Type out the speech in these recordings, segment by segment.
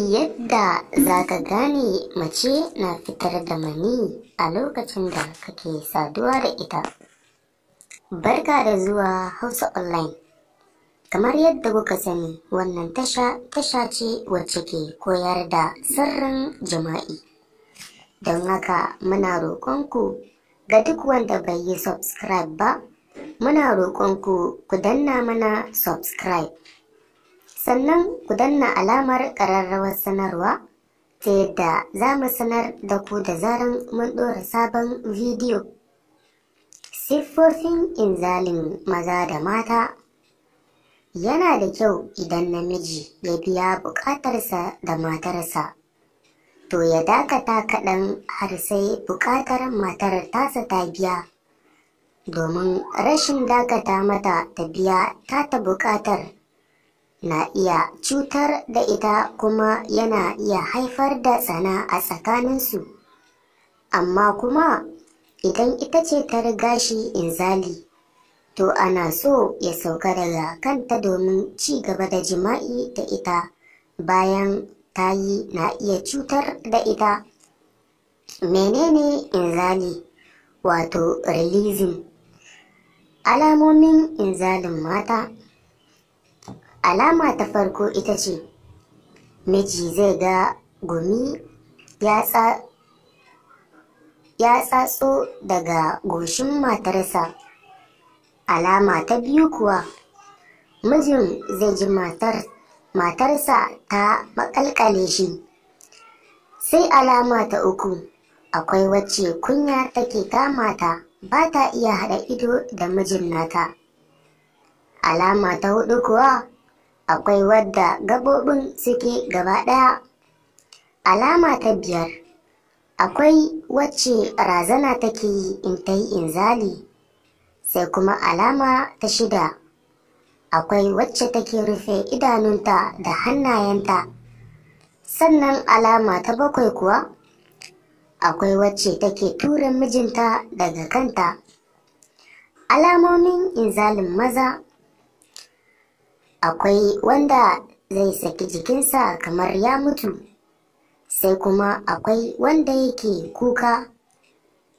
Yadda za ka gane mace na fitar da mani a lokacin da kake saduwa da ita. Barka da zuwa Hausa Online. Kamar yadda kuka sani wannan tasha tasha ce wacce ke koyar da sirrin jima'i. Don haka muna roƙonku ga duk wanda bai yi subscribe ba, muna roƙonku ku danna mana subscribe. sannan ku danna alamar ƙararrawar sanarwa ta yadda za mu sanar da ku da zaran mun ɗora sabon bidiyo. Siffofin inzalin maza da mata Yana da kyau idan namiji ya biya buƙatarsa da matarsa, to ya dakata kaɗan har sai buƙatar matar tasa ta biya, domin rashin dakata mata ta biya ta ta buƙatar na iya cutar da ita kuma yana iya haifar da tsana a tsakaninsu amma kuma idan ita ce ta riga shi inzali to ana so ya sauka daga kanta domin ci gaba da jima'i da ita bayan ta yi na iya cutar da ita menene inzali wato releasing alamomin inzalin mata alama ta farko ita ce miji zai ga gumi ya tsatso daga goshin matarsa alama ta biyu kuwa mijin zai ji matarsa ta makalkale shi sai alama ta uku akwai wacce kunya take kama ta ba ta iya haɗa ido da mijin nata alama ta hudu kuwa akwai wadda gabobin suke gaba ɗaya. Alama ta biyar akwai wacce razana take yi in ta yi inzali, sai kuma alama ta shida akwai wacce take rufe idanunta da hannayenta. Sannan alama ta bakwai kuwa akwai wacce take tura mijinta daga kanta. Alamomin inzalin maza akwai wanda zai saki jikinsa kamar ya mutu sai kuma akwai wanda yake kuka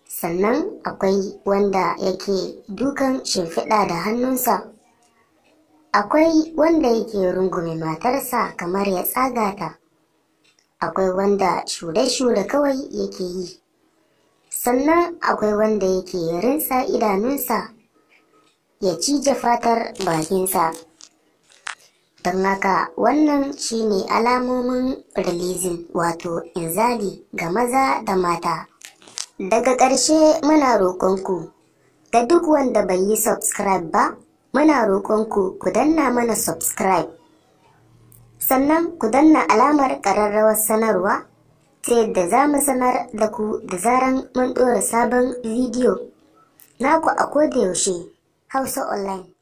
sannan akwai wanda yake dukan shimfiɗa da hannunsa akwai wanda yake rungume matarsa kamar ya tsagata akwai wanda shure-shure kawai yake yi sannan akwai wanda yake rinsa idanunsa ya cije fatar bakinsa Don haka wannan shine alamomin releasing wato inzali ga maza da mata. Daga ƙarshe muna roƙonku ga duk wanda bai yi subscribe ba, muna roƙonku ku danna mana subscribe. Sannan ku danna alamar ƙararrawar sanarwa ta yadda za mu sanar da ku da zaran mun ɗora sabon bidiyo. Naku a kodayaushe Hausa Online.